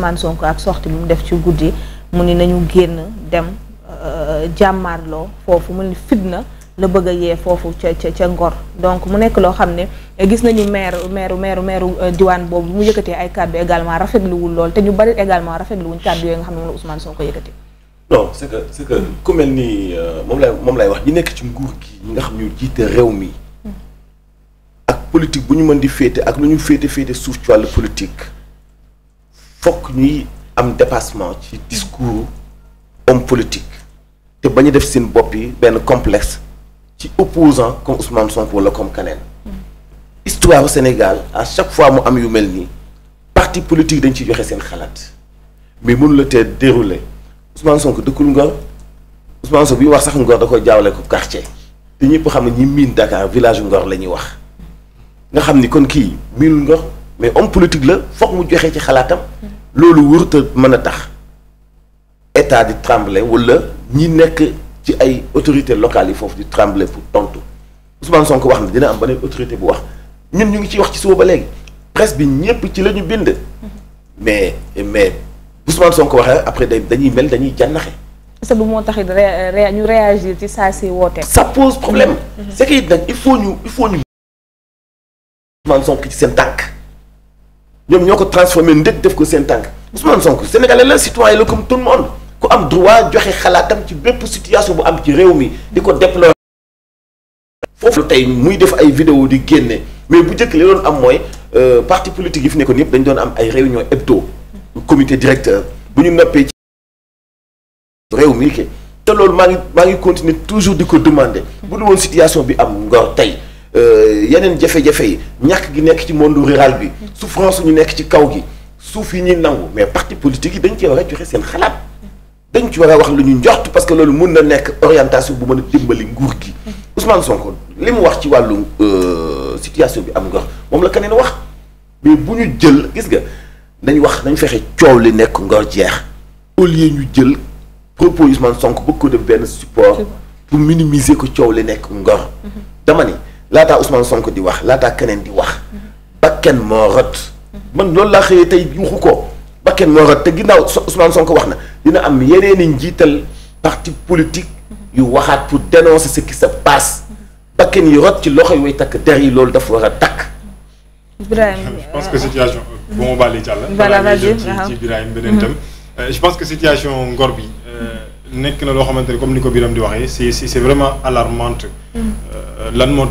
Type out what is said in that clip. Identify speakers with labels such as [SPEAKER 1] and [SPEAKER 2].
[SPEAKER 1] Ousmane Sonko ak sorti bi mu def ci guddi mu ni nañu génn dem euh, jàmmaarloo foofu mu ni fitna la bëgg a yee foofu ca ca ca Ngor donc mu nekk loo xam ne euh, gis nañu maire maire maire maire euh, diwaan boobu mu yëkkatee ay kàddu rafet rafetluwul lool te ñu bari également rafetluwuñ kàddu yooyu nga xam ne moom la Ousmane Sonko yëkkatee. non c'est que c'est que ku mel ni moom lay moom lay wax ñi nekk ci nguur gi ñi nga xam ne jiite réew mi. Hmm. ak politique bu ñu mën di féete ak lu ñu féete suuf ci wàllu politique. fokk ñuy am dépassement ci discours homme politique te bañu def seen bopp yi benn complex ci opposant comme Ousmane Sonko wala comme keneen histoire au Sénégal à chaque fois mu am yu mel nii parti politique dañ ciy joxe seen xalaat mais mënu la tee déroulé Ousmane Sonko dëkkul Ngor Ousmane Sonko bi wax sax Ngor da ko jaawale ko quartier te ñëpp xam ne ñi miin Dakar village Ngor la ñuy wax nga xam ni kon kii miinul Ngor mais homme politique la foog mu joxe ci xalaatam loolu wërta mën a tax état di trembler wala ñi nekk ci ay autorité locale yi foofu di trembler pour tontu Ousmane Sonko wax ne dina am beneen autorité bu wax ñun ñu ngi ciy wax ci suba ba léegi presse bi ñëpp ci la ñu bind. mais mais Ousmane Sonko waxee après dañuy mel dañuy jànnaxe. sa du moo tax ñu réagir ci saa si woote. sa pose problème. Mm-hmm. c'est que nag il faut ñu il faut ñu. Ousmane Sonko ci seen tànk. ñoom ñoo ko transformé ndëkk def ko seen tànk Ousmane Sonko sénégalais la citoyen la comme tout le monde ku am droit joxe xalaatam ci bépp situation bu am ci réew mi di ko déplorer. foofu tey muy def ay vidéo di génne mais bu njëkk li doon am mooy euh, parti politique yi fi nekkoon yëpp dañu doon am ay réunion hebdo comité directeur bu ñu noppee ci réew mi ke te loolu maa ngi maa ngi continuer toujours di ko demander bu dul woon situation bi am nga tey Euh, yeneen jafe-jafe yi ñàkk gi nekk ci monde rural bi souffrance ñu nekk ci kaw gi suuf yi ñuy nangu mais parti politique yi dañ ci war a joxe seen xalaat dañ ci war a wax lu ñu njort parce que loolu mun na nekk orientation bu mën a dimbali nguur gi Ousmane Sonko li mu wax ci wàllu euh, situation bi am ngor moom la keneen wax mais bu ñu jël gis nga dañ wax dañ fexe coow li nekk ngor jeex au lii ñu jël propos Ousmane Sonko bëgg ko def benn support pour minimiser ko coow li nekk ngor mm-hmm. dama laataa Ousmane Sonko di wax laata keneen di wax bakken moo rot man loolu laa xëyee tey yuuxu ko bakken moo rot te ginnaaw Ousmane Sonko wax na dina am yeneen i njiital parti politique yu waxaat pour dénoncer ce qui se passe bakken yi rot ci loxo yi way takk der yi loolu dafa war a takk. Birahim je pense que situation. bu ma bàllee jàll. voilà vas-y ci ci Birahim beneen tam. Mm-hmm. Euh, je pense que situation ngor bi. Euh, nekk na loo xamante ne comme ni ko Birame di waxee c'est c'est vraiment alarmante. Mm. Euh, lan moo